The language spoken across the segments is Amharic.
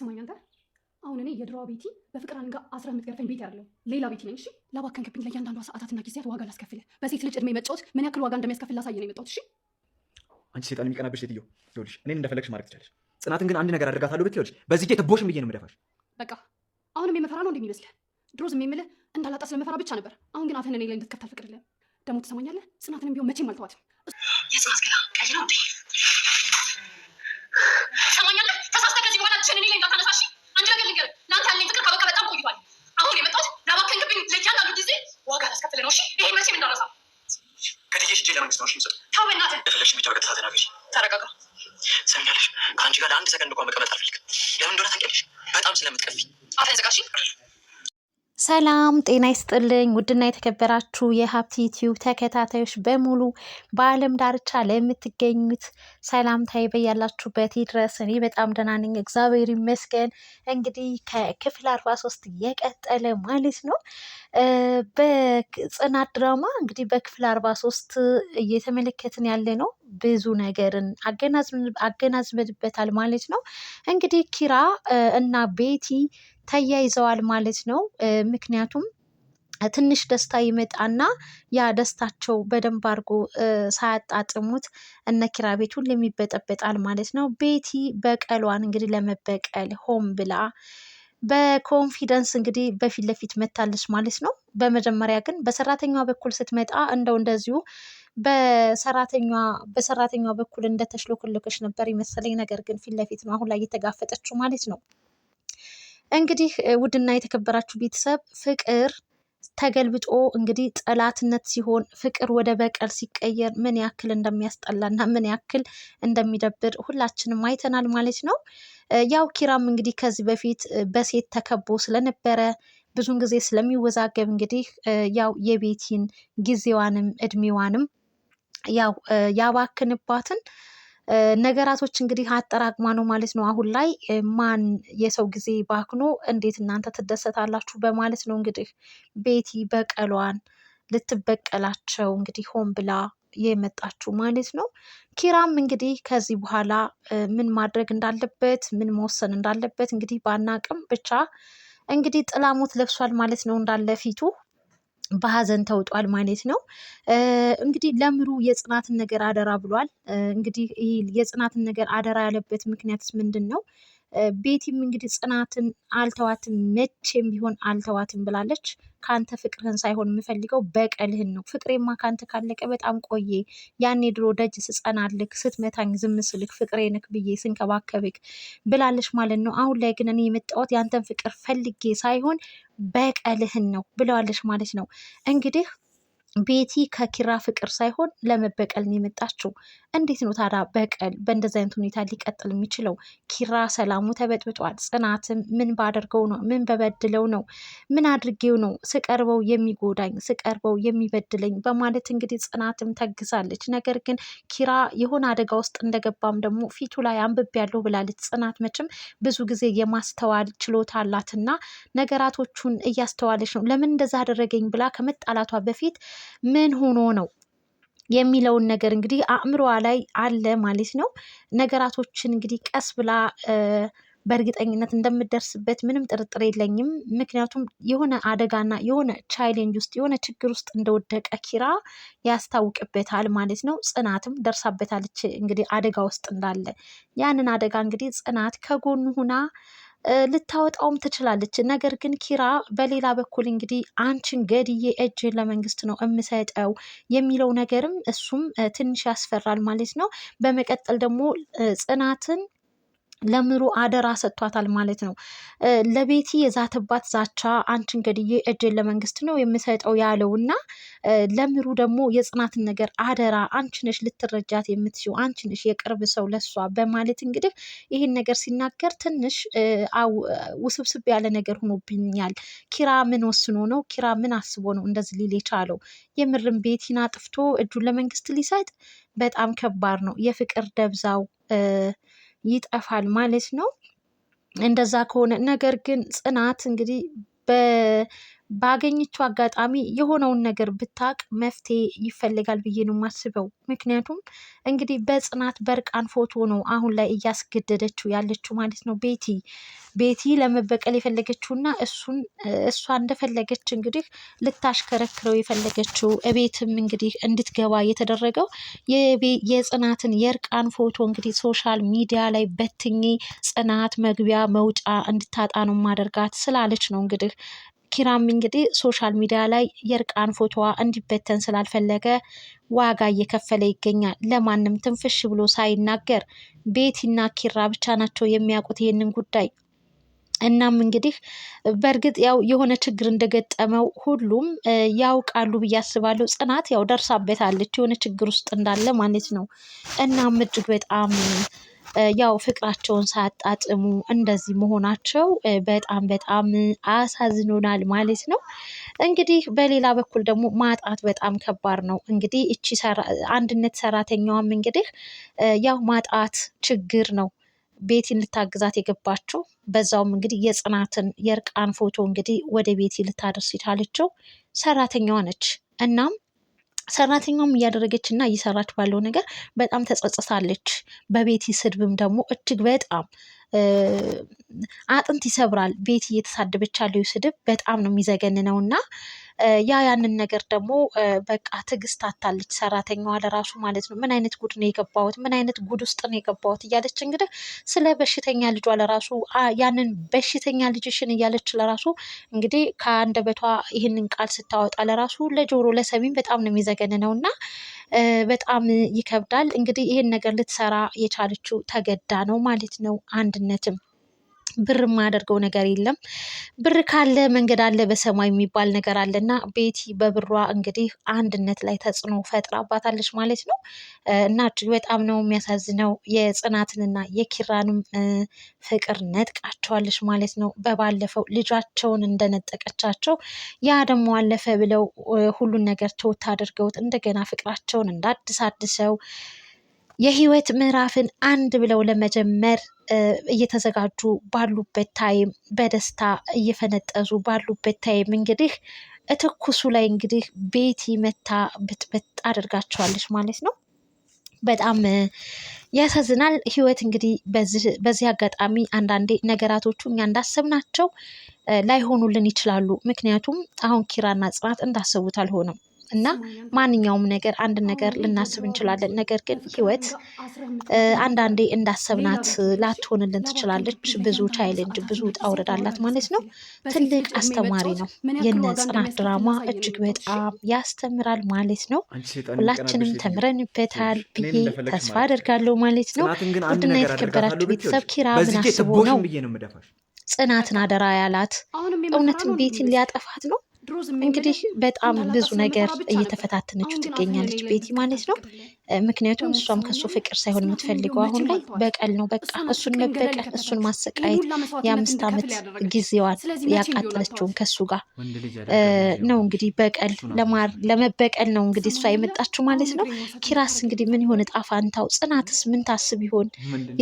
ስማኝ አንተ አሁን እኔ የድሮዋ ቤቲ በፍቅር አንጋ አስራ የምትገርፈኝ ቤት ያለው ሌላ ቤቲ ነኝ። እሺ ላባከንክብኝ፣ ለእያንዳንዷ ሰዓታትና ጊዜያት ዋጋ ላስከፍልህ። በሴት ልጅ እድሜ መጫወት ምን ያክል ዋጋ እንደሚያስከፍል ላሳየህ ነው የመጣሁት። እሺ አንቺ ሴጣን የሚቀናብሽ ሴትዮ፣ ይኸውልሽ እኔን እንደፈለግሽ ማድረግ ትችላለሽ። ጽናትን ግን አንድ ነገር አድርጋታለሁ ብትይ ይኸውልሽ በዚህ ተቦሽም ብዬ ነው የምደፋሽ። በቃ አሁንም የመፈራ ነው እንደሚመስልህ? ድሮ ዝም የምልህ እንዳላጣ ስለመፈራ ብቻ ነበር። አሁን ግን አፍህን እኔ ላይ እንድትከፍት አልፈቅድልህም። ደግሞ ትሰማኛለህ፣ ጽናትንም ቢሆን መቼም አልተዋትም። የጽናት ገላ ቀይ ነው እንዴ? ሰማኛለህ። ተሳስተህ ከዚህ በኋላ ጀንኔ ላይ እንዳታነሳሽ። አንድ ነገር ልንገርህ፣ ለአንተ ያለኝ ፍቅር ከበቃ በጣም ቆይቷል። አሁን የመጣሁት ላባከንክብኝ ለእያንዳንዱ ጊዜ ዋጋ ላስከፍልህ ነው። እሺ፣ ይሄን መቼም እንዳረሳ ከትዬሽ እጄ ለመንግስት ነው ሚሰጥ። ተው በእናትህ እንደፈለግሽ ብቻ በቀጥታ ተናገሽ። ተረጋጋ። ሰሚኛለሽ፣ ከአንቺ ጋር ለአንድ ሰከንድ እንኳን መቀመጥ አልፈልግም። ለምን እንደሆነ ታውቂያለሽ፣ በጣም ስለምትቀፊ። አፈንዝጋሽ ሰላም ጤና ይስጥልኝ። ውድና የተከበራችሁ የሀብት ዩቲዩብ ተከታታዮች በሙሉ በዓለም ዳርቻ ለምትገኙት ሰላምታዬ በያላችሁበት ድረስ። እኔ በጣም ደህና ነኝ፣ እግዚአብሔር ይመስገን። እንግዲህ ከክፍል አርባ ሶስት እየቀጠለ ማለት ነው። በጽናት ድራማ እንግዲህ በክፍል አርባ ሶስት እየተመለከትን ያለ ነው። ብዙ ነገርን አገናዝበንበታል ማለት ነው። እንግዲህ ኪራ እና ቤቲ ተያይዘዋል ማለት ነው። ምክንያቱም ትንሽ ደስታ ይመጣና ያ ደስታቸው በደንብ አድርጎ ሳያጣጥሙት እነ ኪራ ቤት ሁሌም ይበጠበጣል ማለት ነው። ቤቲ በቀሏን እንግዲህ ለመበቀል ሆም ብላ በኮንፊደንስ እንግዲህ በፊት ለፊት መታለች ማለት ነው። በመጀመሪያ ግን በሰራተኛ በኩል ስትመጣ እንደው እንደዚሁ በሰራተኛ በኩል እንደተሽሎክልክሽ ነበር ይመሰለኝ። ነገር ግን ፊት ለፊት ነው አሁን ላይ እየተጋፈጠችው ማለት ነው። እንግዲህ ውድና የተከበራችሁ ቤተሰብ ፍቅር ተገልብጦ እንግዲህ ጠላትነት ሲሆን ፍቅር ወደ በቀል ሲቀየር ምን ያክል እንደሚያስጠላ እና ምን ያክል እንደሚደብር ሁላችንም አይተናል ማለት ነው። ያው ኪራም እንግዲህ ከዚህ በፊት በሴት ተከቦ ስለነበረ ብዙን ጊዜ ስለሚወዛገብ እንግዲህ ያው የቤቲን ጊዜዋንም እድሜዋንም ያው ያባክንባትን ነገራቶች እንግዲህ አጠራቅማ ነው ማለት ነው። አሁን ላይ ማን የሰው ጊዜ ባክኖ እንዴት እናንተ ትደሰታላችሁ በማለት ነው እንግዲህ ቤቲ በቀሏን ልትበቀላቸው እንግዲህ ሆን ብላ የመጣችሁ ማለት ነው። ኪራም እንግዲህ ከዚህ በኋላ ምን ማድረግ እንዳለበት ምን መወሰን እንዳለበት እንግዲህ ባናቅም ብቻ እንግዲህ ጥላሙት ለብሷል ማለት ነው እንዳለ ፊቱ በሀዘን ተውጧል ማለት ነው። እንግዲህ ለምሩ የጽናትን ነገር አደራ ብሏል። እንግዲህ ይህ የጽናትን ነገር አደራ ያለበት ምክንያትስ ምንድን ነው? ቤቲም እንግዲህ ጽናትን አልተዋትም፣ መቼም ቢሆን አልተዋትም ብላለች። ከአንተ ፍቅርህን ሳይሆን የምፈልገው በቀልህን ነው። ፍቅሬማ ከአንተ ካለቀ በጣም ቆየ። ያኔ ድሮ ደጅ ስጸናልክ፣ ስትመታኝ፣ ዝም ስልክ ፍቅሬ ነክ ብዬ ስንከባከብክ ብላለች ማለት ነው። አሁን ላይ ግን እኔ የመጣሁት ያንተን ፍቅር ፈልጌ ሳይሆን በቀልህን ነው ብለዋለች ማለት ነው እንግዲህ ቤቲ ከኪራ ፍቅር ሳይሆን ለመበቀል ነው የመጣችው። እንዴት ነው ታዲያ በቀል በእንደዚህ አይነት ሁኔታ ሊቀጥል የሚችለው? ኪራ ሰላሙ ተበጥብጧል። ጽናትም ምን ባደርገው ነው? ምን በበድለው ነው? ምን አድርጌው ነው ስቀርበው የሚጎዳኝ ስቀርበው የሚበድለኝ? በማለት እንግዲህ ጽናትም ተግዛለች። ነገር ግን ኪራ የሆነ አደጋ ውስጥ እንደገባም ደግሞ ፊቱ ላይ አንብብ ያለው ብላለች። ጽናት መቼም ብዙ ጊዜ የማስተዋል ችሎታ አላትና ነገራቶቹን እያስተዋለች ነው። ለምን እንደዛ አደረገኝ ብላ ከመጣላቷ በፊት ምን ሆኖ ነው የሚለውን ነገር እንግዲህ አእምሮዋ ላይ አለ ማለት ነው። ነገራቶችን እንግዲህ ቀስ ብላ በእርግጠኝነት እንደምደርስበት ምንም ጥርጥር የለኝም። ምክንያቱም የሆነ አደጋና የሆነ ቻሌንጅ ውስጥ የሆነ ችግር ውስጥ እንደወደቀ ኪራ ያስታውቅበታል ማለት ነው። ጽናትም ደርሳበታለች እንግዲህ አደጋ ውስጥ እንዳለ ያንን አደጋ እንግዲህ ጽናት ከጎኑ ሁና ልታወጣውም ትችላለች። ነገር ግን ኪራ በሌላ በኩል እንግዲህ አንቺን ገድዬ እጅን ለመንግስት ነው የምሰጠው የሚለው ነገርም እሱም ትንሽ ያስፈራል ማለት ነው። በመቀጠል ደግሞ ጽናትን ለምሩ አደራ ሰጥቷታል ማለት ነው። ለቤቲ የዛትባት ዛቻ አንቺ እንግዲህ እጄን ለመንግስት ነው የምሰጠው ያለው እና ለምሩ ደግሞ የጽናትን ነገር አደራ አንቺ ነሽ ልትረጃት የምትችው አንቺ ነሽ የቅርብ ሰው ለሷ በማለት እንግዲህ ይህን ነገር ሲናገር ትንሽ ውስብስብ ያለ ነገር ሆኖብኛል። ኪራ ምን ወስኖ ነው? ኪራ ምን አስቦ ነው እንደዚህ ሊል የቻለው? የምርም ቤቲን አጥፍቶ እጁን ለመንግስት ሊሰጥ በጣም ከባድ ነው። የፍቅር ደብዛው ይጠፋል ማለት ነው። እንደዛ ከሆነ ነገር ግን ጽናት እንግዲህ በ ባገኘችው አጋጣሚ የሆነውን ነገር ብታቅ መፍትሄ ይፈልጋል ብዬ ነው የማስበው። ምክንያቱም እንግዲህ በጽናት በእርቃን ፎቶ ነው አሁን ላይ እያስገደደችው ያለችው ማለት ነው። ቤቲ ቤቲ ለመበቀል የፈለገችውና እሱን እሷ እንደፈለገች እንግዲህ ልታሽከረክረው የፈለገችው እቤትም እንግዲህ እንድትገባ የተደረገው የጽናትን የእርቃን ፎቶ እንግዲህ ሶሻል ሚዲያ ላይ በትኜ ጽናት መግቢያ መውጫ እንድታጣ ነው ማደርጋት ስላለች ነው እንግዲህ ኪራም እንግዲህ ሶሻል ሚዲያ ላይ የእርቃን ፎቶዋ እንዲበተን ስላልፈለገ ዋጋ እየከፈለ ይገኛል። ለማንም ትንፍሽ ብሎ ሳይናገር ቤቲና ኪራ ብቻ ናቸው የሚያውቁት ይህንን ጉዳይ። እናም እንግዲህ በእርግጥ ያው የሆነ ችግር እንደገጠመው ሁሉም ያውቃሉ ብዬ አስባለሁ። ጽናት ያው ደርሳበታለች የሆነ ችግር ውስጥ እንዳለ ማለት ነው። እናም እጅግ በጣም ያው ፍቅራቸውን ሳያጣጥሙ እንደዚህ መሆናቸው በጣም በጣም አሳዝኖናል ማለት ነው። እንግዲህ በሌላ በኩል ደግሞ ማጣት በጣም ከባድ ነው። እንግዲህ እቺ አንድነት ሰራተኛዋም እንግዲህ ያው ማጣት ችግር ነው። ቤቲ ልታግዛት የገባችው በዛውም እንግዲህ የጽናትን የእርቃን ፎቶ እንግዲህ ወደ ቤቲ ልታደርስ የቻለችው ሰራተኛዋ ነች። እናም ሰራተኛውም እያደረገች እና እየሰራች ባለው ነገር በጣም ተጸጽታለች። በቤቲ ስድብም ደግሞ እጅግ በጣም አጥንት ይሰብራል። ቤቲ እየተሳደበች ያለው ስድብ በጣም ነው የሚዘገንነው እና ያ ያንን ነገር ደግሞ በቃ ትዕግስት አታለች ሰራተኛዋ ለራሱ ማለት ነው። ምን አይነት ጉድ ነው የገባሁት? ምን አይነት ጉድ ውስጥ ነው የገባሁት? እያለች እንግዲህ ስለ በሽተኛ ልጇ ለራሱ ያንን በሽተኛ ልጅሽን እያለች ለራሱ እንግዲህ ከአንደበቷ ይህንን ቃል ስታወጣ ለራሱ ለጆሮ ለሰሚን በጣም ነው የሚዘገን ነው እና በጣም ይከብዳል። እንግዲህ ይህን ነገር ልትሰራ የቻለችው ተገዳ ነው ማለት ነው አንድነትም ብር የማያደርገው ነገር የለም። ብር ካለ መንገድ አለ በሰማይ የሚባል ነገር እና ቤቲ በብሯ እንግዲህ አንድነት ላይ ተጽዕኖ ፈጥራባታለች ማለት ነው። እና እጅግ በጣም ነው የሚያሳዝነው። የጽናትንና የኪራንም ፍቅር ነጥቃቸዋለች ማለት ነው። በባለፈው ልጃቸውን እንደነጠቀቻቸው ያ ደግሞ አለፈ ብለው ሁሉን ነገር ተወት አድርገውት እንደገና ፍቅራቸውን እንዳድስ አድሰው የህይወት ምዕራፍን አንድ ብለው ለመጀመር እየተዘጋጁ ባሉበት ታይም በደስታ እየፈነጠዙ ባሉበት ታይም እንግዲህ እትኩሱ ላይ እንግዲህ ቤቲ መታ ብትበት አድርጋቸዋለች ማለት ነው። በጣም ያሳዝናል። ህይወት እንግዲህ በዚህ አጋጣሚ አንዳንዴ ነገራቶቹ እኛ እንዳሰብናቸው ላይሆኑልን ይችላሉ። ምክንያቱም አሁን ኪራና ጽናት እንዳሰቡት አልሆነም። እና ማንኛውም ነገር አንድ ነገር ልናስብ እንችላለን። ነገር ግን ህይወት አንዳንዴ እንዳሰብናት ላትሆንልን ትችላለች። ብዙ ቻይለንጅ፣ ብዙ ውጣ ውረድ አላት ማለት ነው። ትልቅ አስተማሪ ነው። የነ ጽናት ድራማ እጅግ በጣም ያስተምራል ማለት ነው። ሁላችንም ተምረንበታል ብዬ ተስፋ አደርጋለሁ ማለት ነው። ውድና የተከበራችሁ ቤተሰብ ኪራ ምን አስቦ ነው ጽናትን አደራ ያላት? እውነትም ቤትን ሊያጠፋት ነው። እንግዲህ በጣም ብዙ ነገር እየተፈታተነችው ትገኛለች ቤቲ ማለት ነው። ምክንያቱም እሷም ከሱ ፍቅር ሳይሆን የምትፈልገው አሁን ላይ በቀል ነው። በቃ እሱን መበቀል፣ እሱን ማሰቃየት የአምስት ዓመት ጊዜዋን ያቃጠለችውን ከሱ ጋር ነው እንግዲህ በቀል ለመበቀል ነው እንግዲህ እሷ የመጣችው ማለት ነው። ኪራስ እንግዲህ ምን ይሆን እጣ ፈንታው? ጽናትስ ምን ታስብ ይሆን?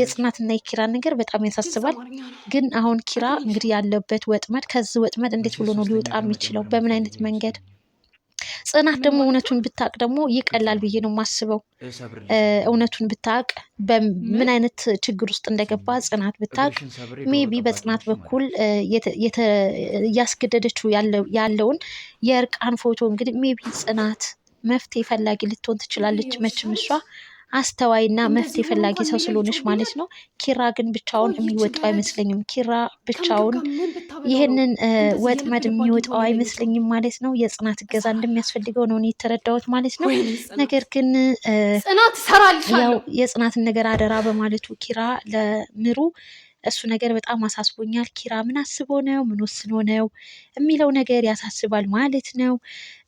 የጽናትና የኪራ ነገር በጣም ያሳስባል። ግን አሁን ኪራ እንግዲህ ያለበት ወጥመድ ከዚህ ወጥመድ እንዴት ብሎ ነው ሊወጣ የሚችለው? በምን አይነት መንገድ ጽናት ደግሞ እውነቱን ብታቅ ደግሞ ይቀላል ብዬ ነው የማስበው። እውነቱን ብታቅ በምን አይነት ችግር ውስጥ እንደገባ ጽናት ብታቅ ሜቢ በጽናት በኩል እያስገደደችው ያለውን የእርቃን ፎቶ እንግዲህ ሜቢ ጽናት መፍትሄ ፈላጊ ልትሆን ትችላለች። መችም እሷ አስተዋይና መፍትሄ ፈላጊ ሰው ስለሆነች ማለት ነው። ኪራ ግን ብቻውን የሚወጣው አይመስለኝም። ኪራ ብቻውን ይህንን ወጥመድ የሚወጣው አይመስለኝም ማለት ነው። የጽናት እገዛ እንደሚያስፈልገው ነው እኔ የተረዳሁት ማለት ነው። ነገር ግን ያው የጽናትን ነገር አደራ በማለቱ ኪራ ለምሩ እሱ ነገር በጣም አሳስቦኛል። ኪራ ምን አስቦ ነው ምን ወስኖ ነው የሚለው ነገር ያሳስባል ማለት ነው።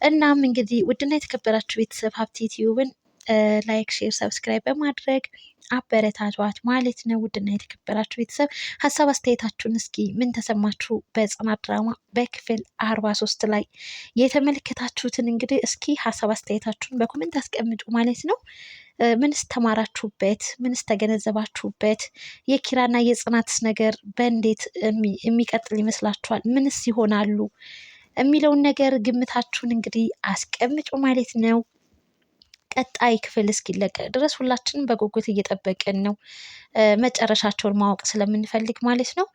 እናም እንግዲህ ውድና የተከበራችሁ ቤተሰብ ሀብቴ ቲዩብን ላይክ፣ ሼር፣ ሰብስክራይብ በማድረግ አበረታቷት ማለት ነው። ውድና የተከበራችሁ ቤተሰብ ሀሳብ አስተያየታችሁን እስኪ ምን ተሰማችሁ በጽናት ድራማ በክፍል አርባ ሶስት ላይ የተመለከታችሁትን እንግዲህ እስኪ ሀሳብ አስተያየታችሁን በኮሜንት አስቀምጡ ማለት ነው። ምንስ ተማራችሁበት? ምንስ ተገነዘባችሁበት? የኪራና የጽናትስ ነገር በእንዴት የሚቀጥል ይመስላችኋል? ምንስ ይሆናሉ የሚለውን ነገር ግምታችሁን እንግዲህ አስቀምጡ ማለት ነው። ቀጣይ ክፍል እስኪለቀቅ ድረስ ሁላችንም በጉጉት እየጠበቅን ነው፣ መጨረሻቸውን ማወቅ ስለምንፈልግ ማለት ነው።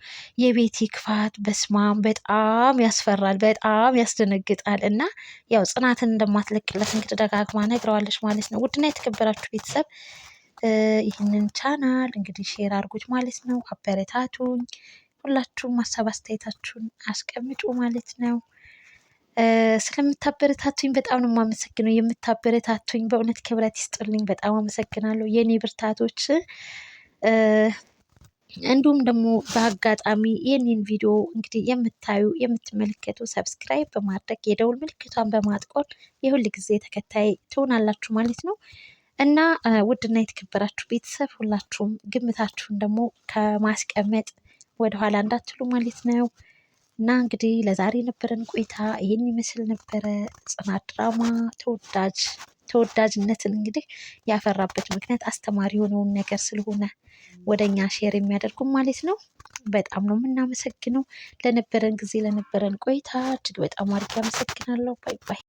የቤቲ ክፋት በስማም በጣም ያስፈራል፣ በጣም ያስደነግጣል። እና ያው ጽናትን እንደማትለቅለት እንግዲህ ደጋግማ ነግረዋለች ማለት ነው። ውድና የተከበራችሁ ቤተሰብ ይህንን ቻናል እንግዲህ ሼር አድርጉት ማለት ነው። አበረታቱኝ። ሁላችሁም ሀሳብ አስተያየታችሁን አስቀምጡ ማለት ነው። ስለምታበረታቱኝ በጣም ነው የማመሰግነው። የምታበረታቱኝ በእውነት ክብረት ይስጥልኝ። በጣም አመሰግናለሁ የእኔ ብርታቶች። እንዲሁም ደግሞ በአጋጣሚ ይህንን ቪዲዮ እንግዲህ የምታዩ የምትመለከቱ ሰብስክራይብ በማድረግ የደውል ምልክቷን በማጥቆር የሁል ጊዜ ተከታይ ትሆናላችሁ ማለት ነው እና ውድና የተከበራችሁ ቤተሰብ ሁላችሁም ግምታችሁን ደግሞ ከማስቀመጥ ወደኋላ እንዳትሉ ማለት ነው። እና እንግዲህ ለዛሬ የነበረን ቆይታ ይህን ይመስል ነበረ። ጽናት ድራማ ተወዳጅ ተወዳጅነትን እንግዲህ ያፈራበት ምክንያት አስተማሪ የሆነውን ነገር ስለሆነ ወደ እኛ ሼር የሚያደርጉም ማለት ነው። በጣም ነው የምናመሰግነው ለነበረን ጊዜ ለነበረን ቆይታ እጅግ በጣም አድርጌ አመሰግናለሁ። ባይ ባይ።